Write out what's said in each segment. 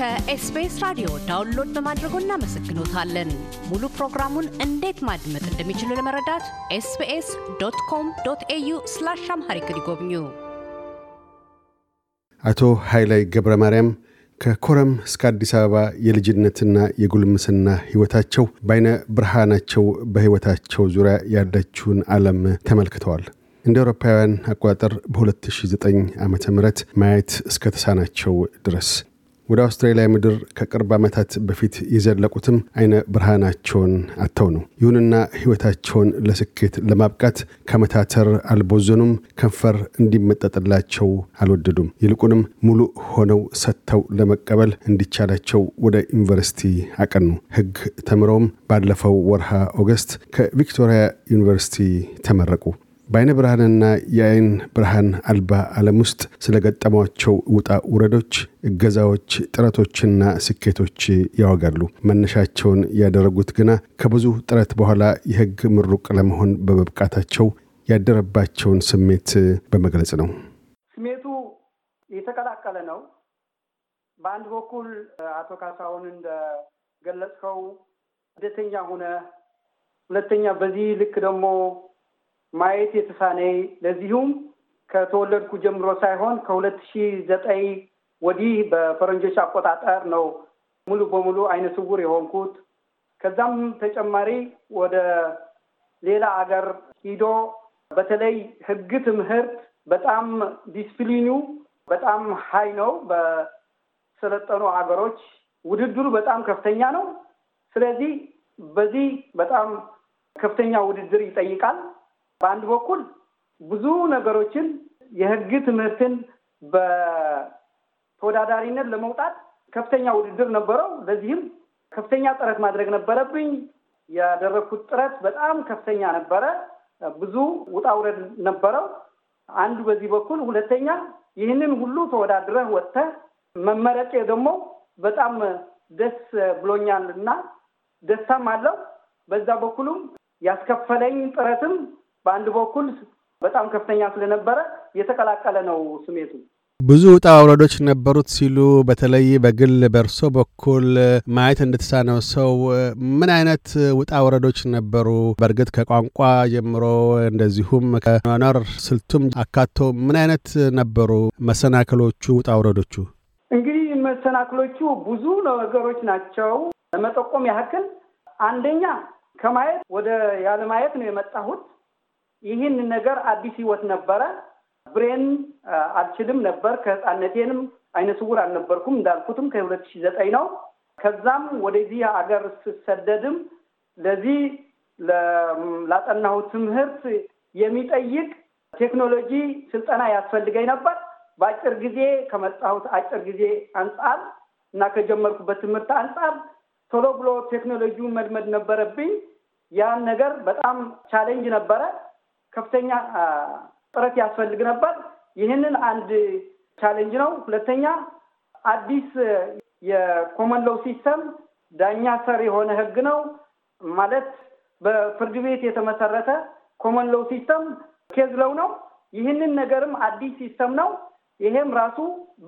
ከኤስቢኤስ ራዲዮ ዳውንሎድ በማድረጎ እናመሰግኖታለን። ሙሉ ፕሮግራሙን እንዴት ማድመጥ እንደሚችሉ ለመረዳት ኤስቢኤስ ዶት ኮም ዶት ኤዩ ስላሽ አምሃሪክ ይጎብኙ። አቶ ኃይላይ ገብረ ማርያም ከኮረም እስከ አዲስ አበባ የልጅነትና የጉልምስና ሕይወታቸው በአይነ ብርሃናቸው በሕይወታቸው ዙሪያ ያለችውን ዓለም ተመልክተዋል። እንደ አውሮፓውያን አቆጣጠር በ2009 ዓ ም ማየት ተሳናቸው ድረስ ወደ አውስትራሊያ ምድር ከቅርብ ዓመታት በፊት የዘለቁትም አይነ ብርሃናቸውን አጥተው ነው። ይሁንና ሕይወታቸውን ለስኬት ለማብቃት ከመታተር አልቦዘኑም። ከንፈር እንዲመጠጥላቸው አልወደዱም። ይልቁንም ሙሉ ሆነው ሰጥተው ለመቀበል እንዲቻላቸው ወደ ዩኒቨርሲቲ አቀኑ። ሕግ ተምረውም ባለፈው ወርሃ ኦገስት ከቪክቶሪያ ዩኒቨርሲቲ ተመረቁ። በአይነ ብርሃንና የአይን ብርሃን አልባ ዓለም ውስጥ ስለገጠሟቸው ውጣ ውረዶች፣ እገዛዎች፣ ጥረቶችና ስኬቶች ያወጋሉ። መነሻቸውን ያደረጉት ግና ከብዙ ጥረት በኋላ የህግ ምሩቅ ለመሆን በመብቃታቸው ያደረባቸውን ስሜት በመግለጽ ነው። ስሜቱ የተቀላቀለ ነው። በአንድ በኩል አቶ ካሳሁን እንደገለጽከው ስደተኛ ሆነ፣ ሁለተኛ በዚህ ልክ ደግሞ ማየት የተሳነኝ ለዚሁም ከተወለድኩ ጀምሮ ሳይሆን ከሁለት ሺ ዘጠኝ ወዲህ በፈረንጆች አቆጣጠር ነው ሙሉ በሙሉ አይነ ስውር የሆንኩት። ከዛም ተጨማሪ ወደ ሌላ አገር ሂዶ በተለይ ህግ ትምህርት በጣም ዲስፕሊኑ በጣም ሀይ ነው። በሰለጠኑ ሀገሮች ውድድሩ በጣም ከፍተኛ ነው። ስለዚህ በዚህ በጣም ከፍተኛ ውድድር ይጠይቃል። በአንድ በኩል ብዙ ነገሮችን የህግ ትምህርትን በተወዳዳሪነት ለመውጣት ከፍተኛ ውድድር ነበረው። ለዚህም ከፍተኛ ጥረት ማድረግ ነበረብኝ። ያደረግኩት ጥረት በጣም ከፍተኛ ነበረ። ብዙ ውጣ ውረድ ነበረው። አንዱ በዚህ በኩል ሁለተኛ፣ ይህንን ሁሉ ተወዳድረህ ወጥተህ መመረጤ ደግሞ በጣም ደስ ብሎኛል እና ደስታም አለው። በዛ በኩልም ያስከፈለኝ ጥረትም በአንድ በኩል በጣም ከፍተኛ ስለነበረ የተቀላቀለ ነው ስሜቱ። ብዙ ውጣ ውረዶች ነበሩት ሲሉ በተለይ በግል በእርሶ በኩል ማየት እንድትሳነው ሰው ምን አይነት ውጣ ውረዶች ነበሩ? በእርግጥ ከቋንቋ ጀምሮ እንደዚሁም ከኗኗር ስልቱም አካቶ ምን አይነት ነበሩ መሰናክሎቹ፣ ውጣ ውረዶቹ? እንግዲህ መሰናክሎቹ ብዙ ነገሮች ናቸው። ለመጠቆም ያህል አንደኛ ከማየት ወደ ያለማየት ነው የመጣሁት። ይህን ነገር አዲስ ህይወት ነበረ። ብሬን አልችልም ነበር። ከህፃነቴንም አይነ ስውር አልነበርኩም እንዳልኩትም ከሁለት ሺ ዘጠኝ ነው። ከዛም ወደዚህ ሀገር ስሰደድም ለዚህ ላጠናሁ ትምህርት የሚጠይቅ ቴክኖሎጂ ስልጠና ያስፈልገኝ ነበር። በአጭር ጊዜ ከመጣሁት አጭር ጊዜ አንጻር እና ከጀመርኩበት ትምህርት አንጻር ቶሎ ብሎ ቴክኖሎጂውን መልመድ ነበረብኝ። ያን ነገር በጣም ቻሌንጅ ነበረ። ከፍተኛ ጥረት ያስፈልግ ነበር። ይህንን አንድ ቻሌንጅ ነው። ሁለተኛ አዲስ የኮመን ሎው ሲስተም ዳኛ ሰር የሆነ ህግ ነው ማለት በፍርድ ቤት የተመሰረተ ኮመን ሎው ሲስተም ኬዝ ነው። ይህንን ነገርም አዲስ ሲስተም ነው። ይሄም ራሱ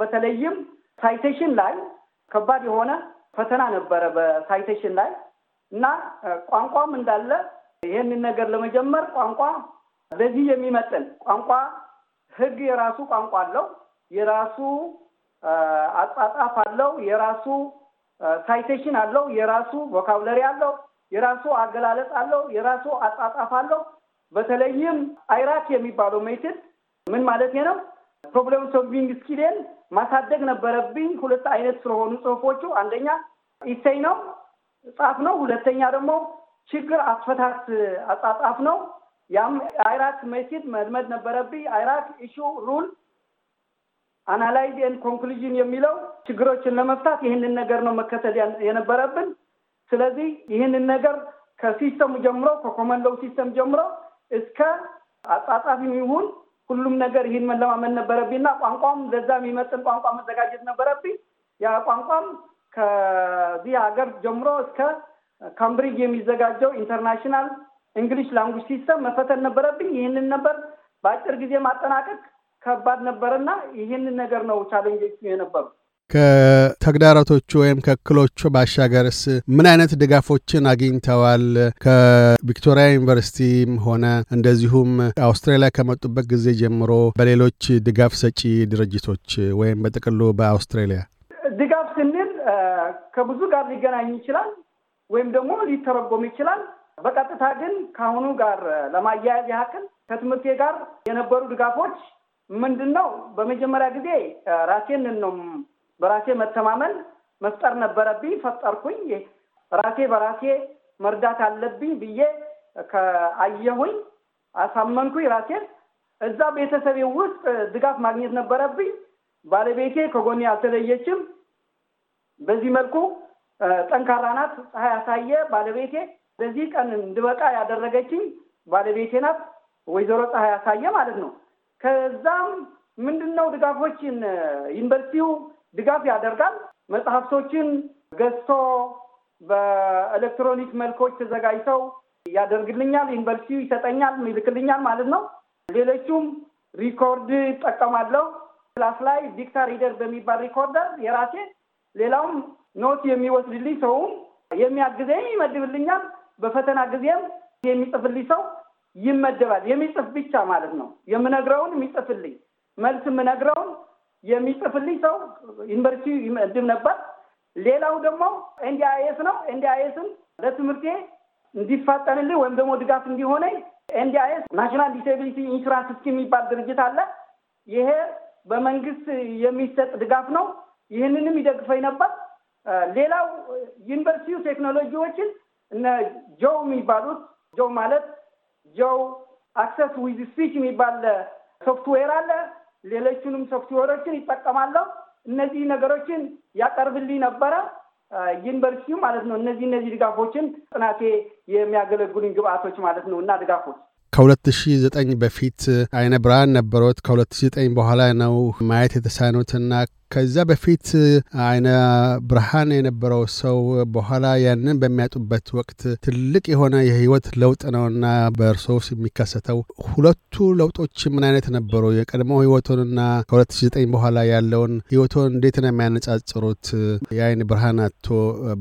በተለይም ሳይቴሽን ላይ ከባድ የሆነ ፈተና ነበረ በሳይቴሽን ላይ እና ቋንቋም እንዳለ ይህንን ነገር ለመጀመር ቋንቋ ለዚህ የሚመጥን ቋንቋ ህግ የራሱ ቋንቋ አለው፣ የራሱ አጻጻፍ አለው፣ የራሱ ሳይቴሽን አለው፣ የራሱ ቮካብለሪ አለው፣ የራሱ አገላለጽ አለው፣ የራሱ አጻጻፍ አለው። በተለይም አይራት የሚባለው ሜትድ ምን ማለት ነው? ፕሮብለም ሶልቪንግ ስኪሌን ማሳደግ ነበረብኝ። ሁለት አይነት ስለሆኑ ጽሁፎቹ አንደኛ ኢሴይ ነው ጻፍ ነው፣ ሁለተኛ ደግሞ ችግር አስፈታት አጻጻፍ ነው። ያም አይራክ መሲድ መልመድ ነበረብኝ። አይራክ ኢሹ ሩል አናላይዝ ኤንድ ኮንክሉዥን የሚለው ችግሮችን ለመፍታት ይህንን ነገር ነው መከተል የነበረብን። ስለዚህ ይህንን ነገር ከሲስተሙ ጀምሮ ከኮመንዶው ሲስተም ጀምሮ እስከ አጣጣፊ ይሁን ሁሉም ነገር ይህን መለማመድ እና ቋንቋም ለዛ የሚመጥን ቋንቋ መዘጋጀት ነበረብኝ። ያ ቋንቋም ከዚህ ሀገር ጀምሮ እስከ ካምብሪጅ የሚዘጋጀው ኢንተርናሽናል እንግሊሽ ላንጉጅ ሲስተም መፈተን ነበረብኝ። ይህንን ነበር በአጭር ጊዜ ማጠናቀቅ ከባድ ነበርና ይህንን ነገር ነው ቻሌንጆቹ የነበሩ። ከተግዳሮቶቹ ወይም ከክሎቹ ባሻገርስ ምን አይነት ድጋፎችን አግኝተዋል? ከቪክቶሪያ ዩኒቨርሲቲም ሆነ እንደዚሁም አውስትራሊያ ከመጡበት ጊዜ ጀምሮ በሌሎች ድጋፍ ሰጪ ድርጅቶች ወይም በጥቅሉ በአውስትራሊያ ድጋፍ ስንል ከብዙ ጋር ሊገናኝ ይችላል ወይም ደግሞ ሊተረጎም ይችላል። በቀጥታ ግን ከአሁኑ ጋር ለማያያዝ ያክል ከትምህርቴ ጋር የነበሩ ድጋፎች ምንድን ነው? በመጀመሪያ ጊዜ ራሴን ነው በራሴ መተማመን መፍጠር ነበረብኝ። ፈጠርኩኝ። ራሴ በራሴ መርዳት አለብኝ ብዬ ከአየሁኝ አሳመንኩኝ ራሴን። እዛ ቤተሰቤ ውስጥ ድጋፍ ማግኘት ነበረብኝ። ባለቤቴ ከጎኔ አልተለየችም። በዚህ መልኩ ጠንካራ ናት። ፀሐይ አሳየ ባለቤቴ በዚህ ቀን እንድበቃ ያደረገችኝ ባለቤቴ ናት፣ ወይዘሮ ፀሐይ አሳየ ማለት ነው። ከዛም ምንድን ነው ድጋፎችን ዩኒቨርሲቲው ድጋፍ ያደርጋል። መጽሐፍቶችን ገዝቶ በኤሌክትሮኒክ መልኮች ተዘጋጅተው ያደርግልኛል። ዩኒቨርሲቲው ይሰጠኛል፣ ይልክልኛል ማለት ነው። ሌሎቹም ሪኮርድ ይጠቀማለሁ። ክላስ ላይ ዲክታ ሪደር በሚባል ሪኮርደር የራሴ ሌላውም ኖት የሚወስድልኝ ሰውም የሚያግዘኝ ይመድብልኛል። በፈተና ጊዜም የሚጽፍልኝ ሰው ይመደባል። የሚጽፍ ብቻ ማለት ነው። የምነግረውን የሚጽፍልኝ መልስ የምነግረውን የሚጽፍልኝ ሰው ዩኒቨርሲቲ ይመድብ ነበር። ሌላው ደግሞ ኤንዲአይኤስ ነው። ኤንዲአይኤስን ለትምህርቴ እንዲፋጠንልኝ ወይም ደግሞ ድጋፍ እንዲሆነኝ ኤንዲአይኤስ ናሽናል ዲስብሊቲ ኢንሹራንስ ስኪም የሚባል ድርጅት አለ። ይሄ በመንግስት የሚሰጥ ድጋፍ ነው። ይህንንም ይደግፈኝ ነበር። ሌላው ዩኒቨርሲቲው ቴክኖሎጂዎችን እነ ጆው የሚባሉት ጆው ማለት ጆው አክሰስ ዊዝ ስፒች የሚባል ሶፍትዌር አለ። ሌሎቹንም ሶፍትዌሮችን ይጠቀማለሁ። እነዚህ ነገሮችን ያቀርብልኝ ነበረ ዩኒቨርሲቲው ማለት ነው። እነዚህ እነዚህ ድጋፎችን ጥናቴ የሚያገለግሉኝ ግብአቶች ማለት ነው እና ድጋፎች ከ2009 በፊት አይነ ብርሃን ነበሮት። ከ2009 በኋላ ነው ማየት የተሳኑትና ከዛ በፊት አይነ ብርሃን የነበረው ሰው በኋላ ያንን በሚያጡበት ወቅት ትልቅ የሆነ የህይወት ለውጥ ነውና በእርሶ ውስጥ የሚከሰተው ሁለቱ ለውጦች ምን አይነት ነበሩ? የቀድሞ ህይወቶንና ከ2009 በኋላ ያለውን ህይወቶን እንዴት ነው የሚያነጻጽሩት? የአይን ብርሃን አቶ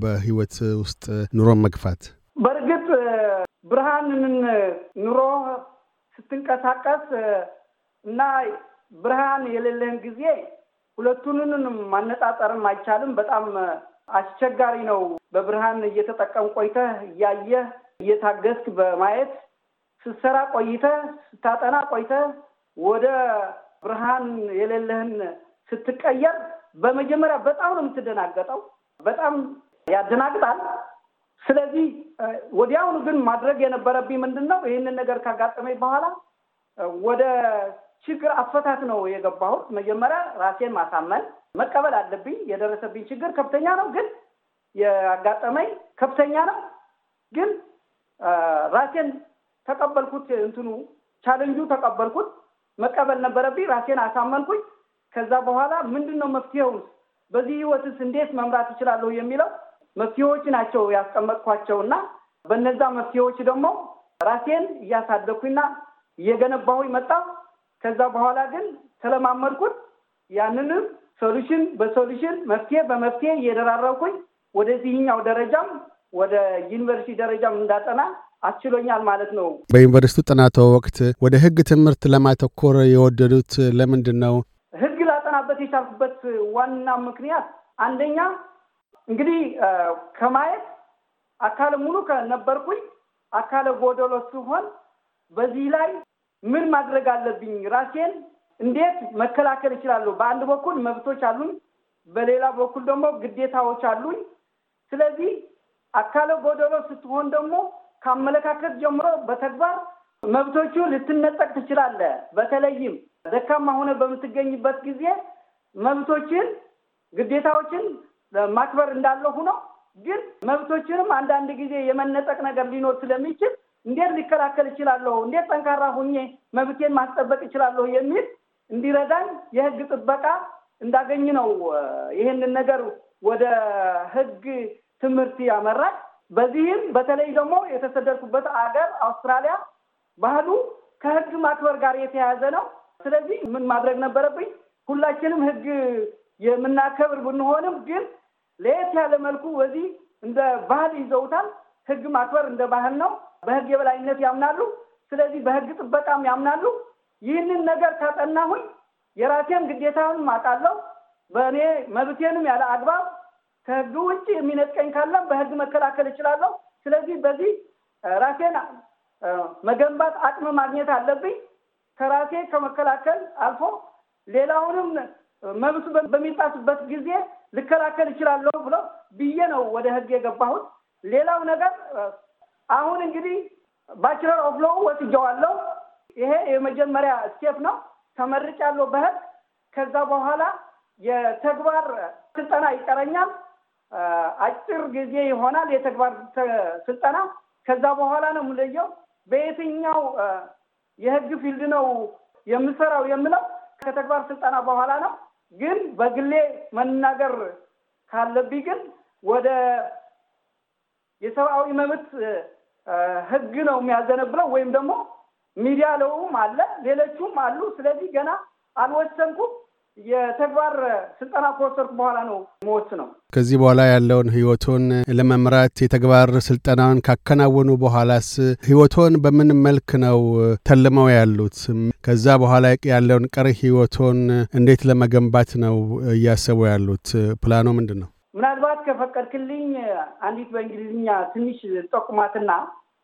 በህይወት ውስጥ ኑሮን መግፋት ብርሃንን ኑሮ ስትንቀሳቀስ እና ብርሃን የሌለህን ጊዜ ሁለቱንን ማነጻጸርም አይቻልም። በጣም አስቸጋሪ ነው። በብርሃን እየተጠቀም ቆይተህ እያየህ እየታገስክ በማየት ስትሰራ ቆይተህ ስታጠና ቆይተህ ወደ ብርሃን የሌለህን ስትቀየር በመጀመሪያ በጣም ነው የምትደናገጠው። በጣም ያደናግጣል። ስለዚህ ወዲያውኑ ግን ማድረግ የነበረብኝ ምንድን ነው? ይህንን ነገር ካጋጠመኝ በኋላ ወደ ችግር አፈታት ነው የገባሁት። መጀመሪያ ራሴን ማሳመን መቀበል አለብኝ። የደረሰብኝ ችግር ከፍተኛ ነው፣ ግን ያጋጠመኝ ከፍተኛ ነው፣ ግን ራሴን ተቀበልኩት። እንትኑ ቻለንጁ ተቀበልኩት። መቀበል ነበረብኝ። ራሴን አሳመንኩኝ። ከዛ በኋላ ምንድን ነው መፍትሄውን፣ በዚህ ህይወትስ እንዴት መምራት ይችላለሁ የሚለው መፍትሄዎች ናቸው ያስቀመጥኳቸውና በነዛ መፍትሄዎች ደግሞ ራሴን እያሳደኩኝና እየገነባሁ መጣ። ከዛ በኋላ ግን ተለማመድኩት። ያንንም ሶሉሽን በሶሉሽን መፍትሄ በመፍትሄ እየደራረብኩኝ ወደዚህኛው ደረጃም ወደ ዩኒቨርሲቲ ደረጃም እንዳጠና አስችሎኛል ማለት ነው። በዩኒቨርሲቲ ጥናቶ ወቅት ወደ ህግ ትምህርት ለማተኮር የወደዱት ለምንድን ነው? ህግ ላጠናበት የቻልኩበት ዋና ምክንያት አንደኛ እንግዲህ ከማየት አካለ ሙሉ ከነበርኩኝ አካለ ጎደሎ ሲሆን በዚህ ላይ ምን ማድረግ አለብኝ? ራሴን እንዴት መከላከል እችላለሁ? በአንድ በኩል መብቶች አሉኝ፣ በሌላ በኩል ደግሞ ግዴታዎች አሉኝ። ስለዚህ አካለ ጎደሎ ስትሆን ደግሞ ከአመለካከት ጀምሮ በተግባር መብቶቹ ልትነጠቅ ትችላለህ። በተለይም ደካማ ሆነ በምትገኝበት ጊዜ መብቶችን፣ ግዴታዎችን ማክበር እንዳለ ሆኖ ግን መብቶችንም አንዳንድ ጊዜ የመነጠቅ ነገር ሊኖር ስለሚችል እንዴት ሊከላከል እችላለሁ፣ እንዴት ጠንካራ ሁኜ መብቴን ማስጠበቅ እችላለሁ የሚል እንዲረዳን የህግ ጥበቃ እንዳገኝ ነው ይህንን ነገር ወደ ህግ ትምህርት ያመራል። በዚህም በተለይ ደግሞ የተሰደድኩበት አገር አውስትራሊያ ባህሉ ከህግ ማክበር ጋር የተያያዘ ነው። ስለዚህ ምን ማድረግ ነበረብኝ? ሁላችንም ህግ የምናከብር ብንሆንም ግን ለየት ያለ መልኩ በዚህ እንደ ባህል ይዘውታል። ህግ ማክበር እንደ ባህል ነው። በህግ የበላይነት ያምናሉ። ስለዚህ በህግ ጥበቃም ያምናሉ። ይህንን ነገር ካጠናሁኝ የራሴን ግዴታውን አውቃለሁ በእኔ መብቴንም ያለ አግባብ ከህግ ውጭ የሚነጥቀኝ ካለም በህግ መከላከል እችላለሁ። ስለዚህ በዚህ ራሴን መገንባት አቅም ማግኘት አለብኝ። ከራሴ ከመከላከል አልፎ ሌላውንም መብቱ በሚጣስበት ጊዜ ልከላከል እችላለሁ ብሎ ብዬ ነው ወደ ህግ የገባሁት። ሌላው ነገር አሁን እንግዲህ ባችለር ኦፍ ሎው ወስጀዋለሁ። ይሄ የመጀመሪያ ስቴፕ ነው። ተመርጫለሁ በህግ። ከዛ በኋላ የተግባር ስልጠና ይቀረኛል። አጭር ጊዜ ይሆናል የተግባር ስልጠና። ከዛ በኋላ ነው የምለየው በየትኛው የህግ ፊልድ ነው የምሰራው የምለው ከተግባር ስልጠና በኋላ ነው። ግን በግሌ መናገር ካለብኝ ግን ወደ የሰብአዊ መብት ህግ ነው የሚያዘነብለው ወይም ደግሞ ሚዲያ ለውም አለ ሌሎቹም አሉ። ስለዚህ ገና አልወሰንኩም። የተግባር ስልጠና ከወሰድኩ በኋላ ነው መወት ነው። ከዚህ በኋላ ያለውን ህይወቶን ለመምራት የተግባር ስልጠናውን ካከናወኑ በኋላስ ህይወቶን በምን መልክ ነው ተልመው ያሉት? ከዛ በኋላ ያለውን ቀሪ ህይወቶን እንዴት ለመገንባት ነው እያሰቡ ያሉት? ፕላኑ ምንድን ነው? ምናልባት ከፈቀድክልኝ አንዲት በእንግሊዝኛ ትንሽ ጠቁማትና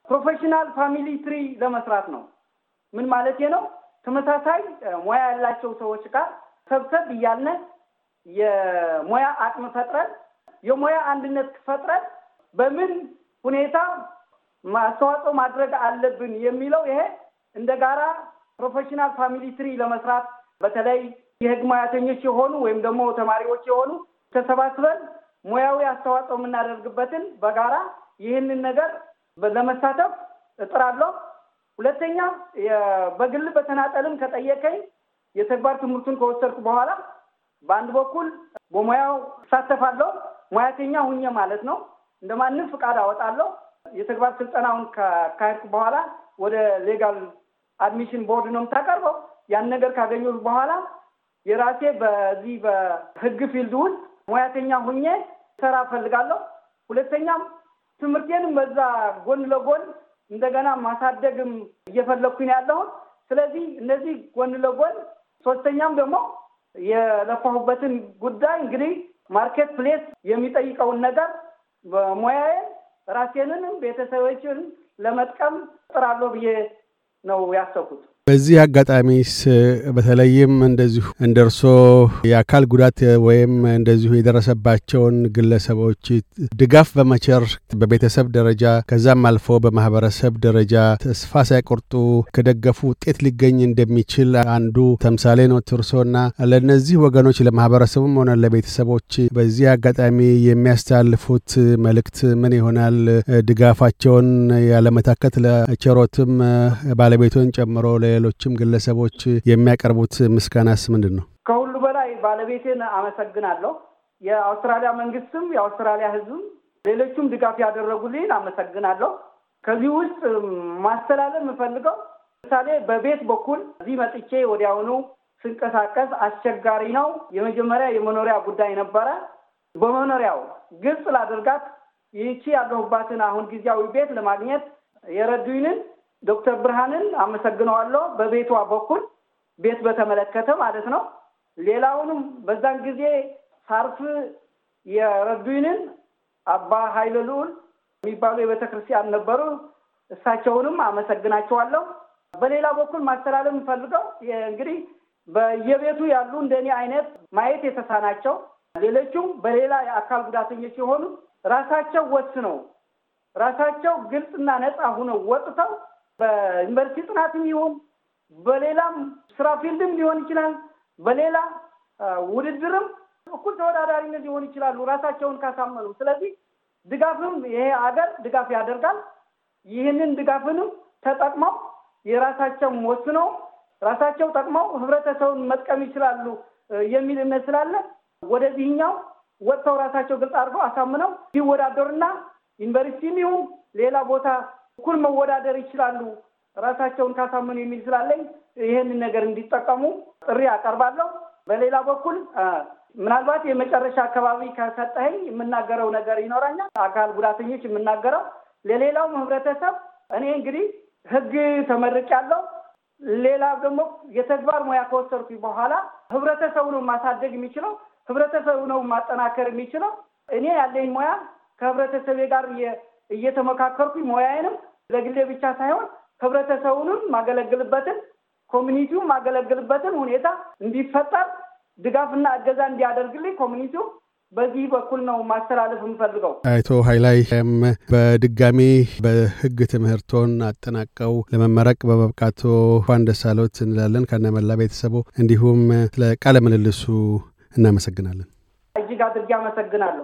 ፕሮፌሽናል ፋሚሊ ትሪ ለመስራት ነው። ምን ማለት ነው? ተመሳሳይ ሙያ ያላቸው ሰዎች ጋር ሰብሰብ እያልን የሙያ አቅም ፈጥረን የሙያ አንድነት ፈጥረን በምን ሁኔታ አስተዋጽኦ ማድረግ አለብን የሚለው ይሄ እንደ ጋራ ፕሮፌሽናል ፋሚሊ ትሪ ለመስራት በተለይ የህግ ሙያተኞች የሆኑ ወይም ደግሞ ተማሪዎች የሆኑ ተሰባስበን ሙያዊ አስተዋጽኦ የምናደርግበትን በጋራ ይህንን ነገር ለመሳተፍ እጥራለሁ። ሁለተኛ በግል በተናጠልም ከጠየቀኝ የተግባር ትምህርቱን ከወሰድኩ በኋላ በአንድ በኩል በሙያው እሳተፋለሁ፣ ሙያተኛ ሁኜ ማለት ነው። እንደ ማንም ፍቃድ አወጣለሁ። የተግባር ስልጠናውን ካካሄድኩ በኋላ ወደ ሌጋል አድሚሽን ቦርድ ነው የምታቀርበው። ያን ነገር ካገኘሁ በኋላ የራሴ በዚህ በህግ ፊልድ ውስጥ ሙያተኛ ሁኜ ሰራ እፈልጋለሁ። ሁለተኛም ትምህርቴንም በዛ ጎን ለጎን እንደገና ማሳደግም እየፈለግኩኝ ያለሁት። ስለዚህ እነዚህ ጎን ለጎን ሶስተኛም ደግሞ የለፋሁበትን ጉዳይ እንግዲህ ማርኬት ፕሌስ የሚጠይቀውን ነገር ሙያዬን ራሴንንም ቤተሰቦችን ለመጥቀም ጥራለሁ ብዬ ነው ያሰብኩት። በዚህ አጋጣሚስ በተለይም እንደዚሁ እንደ እርሶ የአካል ጉዳት ወይም እንደዚሁ የደረሰባቸውን ግለሰቦች ድጋፍ በመቸር በቤተሰብ ደረጃ ከዛም አልፎ በማህበረሰብ ደረጃ ተስፋ ሳይቆርጡ ከደገፉ ውጤት ሊገኝ እንደሚችል አንዱ ተምሳሌ ነው እርሶና። ለእነዚህ ወገኖች ለማህበረሰቡም ሆነ ለቤተሰቦች በዚህ አጋጣሚ የሚያስተላልፉት መልእክት ምን ይሆናል? ድጋፋቸውን ያለመታከት ለቸሮትም ባለቤቱን ጨምሮ ለሌሎችም ግለሰቦች የሚያቀርቡት ምስጋናስ ምንድን ነው? ከሁሉ በላይ ባለቤቴን አመሰግናለሁ። የአውስትራሊያ መንግስትም የአውስትራሊያ ህዝብም ሌሎችም ድጋፍ ያደረጉልኝን አመሰግናለሁ። ከዚህ ውስጥ ማስተላለፍ የምፈልገው ምሳሌ በቤት በኩል እዚህ መጥቼ ወዲያውኑ ስንቀሳቀስ አስቸጋሪ ነው። የመጀመሪያ የመኖሪያ ጉዳይ ነበረ። በመኖሪያው ግልጽ ላደርጋት ይህቺ ያለሁባትን አሁን ጊዜያዊ ቤት ለማግኘት የረዱኝን ዶክተር ብርሃንን አመሰግነዋለሁ። በቤቷ በኩል ቤት በተመለከተ ማለት ነው። ሌላውንም በዛን ጊዜ ሳርፍ የረዱንን አባ ኃይለ ልዑል የሚባሉ የቤተ ክርስቲያን ነበሩ። እሳቸውንም አመሰግናቸዋለሁ። በሌላ በኩል ማስተላለፍ የምፈልገው እንግዲህ በየቤቱ ያሉ እንደኔ አይነት ማየት የተሳናቸው ሌሎቹም በሌላ የአካል ጉዳተኞች ሲሆኑ ራሳቸው ወስነው ራሳቸው ግልጽና ነፃ ሁነው ወጥተው በዩኒቨርሲቲ ጥናትም ይሁን በሌላም ስራ ፊልድም ሊሆን ይችላል። በሌላ ውድድርም እኩል ተወዳዳሪነት ሊሆን ይችላሉ ራሳቸውን ካሳመኑ። ስለዚህ ድጋፍም ይሄ አገር ድጋፍ ያደርጋል። ይህንን ድጋፍንም ተጠቅመው የራሳቸው ወስነው ራሳቸው ጠቅመው ህብረተሰቡን መጥቀም ይችላሉ የሚል እምነት ስላለ ወደዚህኛው ወጥተው ራሳቸው ግልጽ አድርገው አሳምነው ሊወዳደሩና ዩኒቨርሲቲም ይሁን ሌላ ቦታ እኩል መወዳደር ይችላሉ ራሳቸውን ካሳምኑ የሚል ስላለኝ ይህንን ነገር እንዲጠቀሙ ጥሪ አቀርባለሁ። በሌላ በኩል ምናልባት የመጨረሻ አካባቢ ከሰጠኸኝ የምናገረው ነገር ይኖረኛል። አካል ጉዳተኞች የምናገረው ለሌላው ህብረተሰብ እኔ እንግዲህ ህግ ተመርቄያለሁ። ሌላ ደግሞ የተግባር ሙያ ከወሰድኩ በኋላ ህብረተሰቡ ነው ማሳደግ የሚችለው፣ ህብረተሰቡ ነው ማጠናከር የሚችለው። እኔ ያለኝ ሙያ ከህብረተሰቤ ጋር እየተመካከርኩኝ ሙያዬንም ለግሌ ብቻ ሳይሆን ህብረተሰቡንም ማገለግልበትን ኮሚኒቲውን ማገለግልበትን ሁኔታ እንዲፈጠር ድጋፍና እገዛ እንዲያደርግልኝ ኮሚኒቲው በዚህ በኩል ነው ማስተላለፍ የምፈልገው። ሀይላይ ም በድጋሚ በህግ ትምህርቶን አጠናቀው ለመመረቅ በመብቃቶ እንኳን ደስ አሎት እንላለን ከነመላ ቤተሰቡ። እንዲሁም ለቃለ ምልልሱ እናመሰግናለን። እጅግ አድርጌ አመሰግናለሁ።